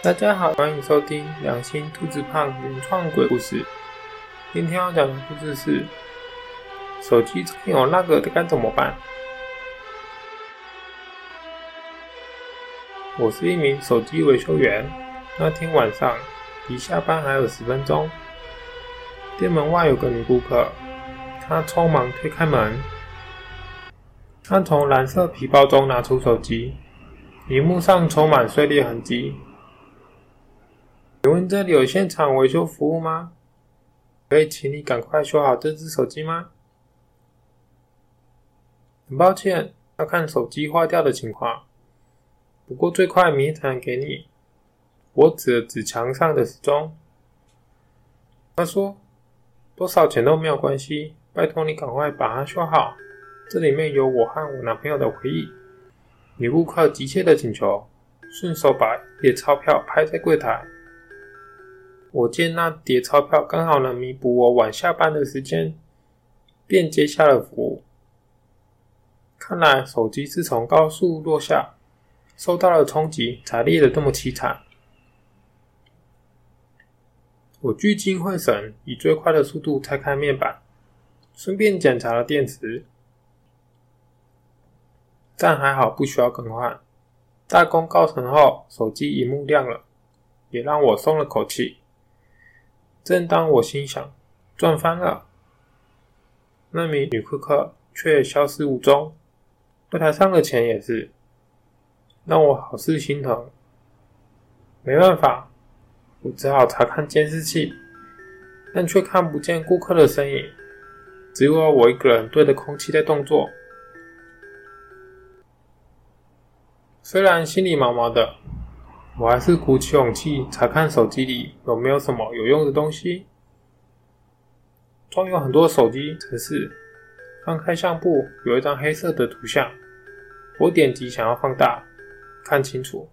大家好，歡迎收聽《良心兔子胖》原創鬼故事。今天要講的故事是：手機裡有那個這該怎麼辦？我是一名手機維修員。那天晚上，離下班還有十分鐘，店門外有個女顧客，她匆忙推開門，她從藍色皮包中拿出手機，屏幕上充滿碎裂痕跡。請問這裡有現場維修服務嗎？可以請你趕快修好這隻手機嗎？很抱歉，要看手機壞掉的情況。不過最快明天才能給你。我指了指牆上的時鐘。他說：“多少錢都沒有關係，拜托你趕快把它修好。這裡面有我和我男朋友的回憶。”女顧客急切的請求，順手把一疊鈔票拍在櫃台。我見那疊鈔票剛好能彌補我晚下班的時間，便接下了服務。看來手機是從高處落下，受到了衝擊，才裂得這麼淒慘。我聚精會神，以最快的速度拆開面板，順便檢查了電池，但還好不需要更換。大功告成後，手機屏幕亮了，也讓我鬆了口氣。正當我心想賺翻了，那名女顧客卻消失無蹤，櫃檯上的錢也是，讓我好似心疼。沒辦法，我只好查看監視器，但卻看不見顧客的身影，只有我一個人對着空氣在動作。雖然心裡毛毛的。我還是鼓起勇氣查看手機裡有沒有什麼有用的東西。裝有很多手機程式，翻開相簿，有一張黑色的圖像。我點擊想要放大，看清楚，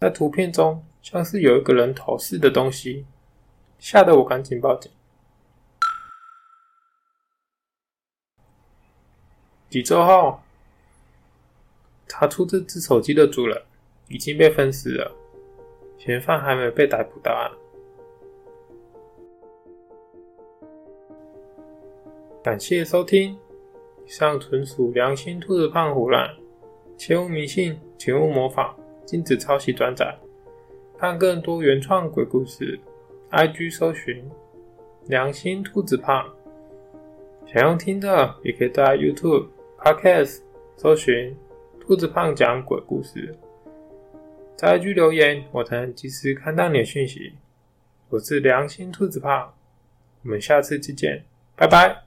在圖片中像是有一個人頭似的東西，嚇得我趕緊報警。幾周後，查出這隻手機的主人，已經被分屍了，嫌犯還沒有被逮捕到案。感謝收聽，以上純屬良心兔子胖胡亂，切勿迷信，請勿模仿，禁止抄襲轉載。看更多原創鬼故事，IG 搜尋良心兔子胖。想要聽的也可以在 YouTube、Podcast 搜尋兔子胖講鬼故事。在 IG 留言，我才能及時看到你的訊息。我是良心兔子胖，我們下次再見，拜拜。